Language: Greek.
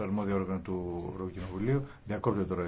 αρμόδιο όργανο του Ευρωκοινοβουλίου. Διακόπτεται τώρα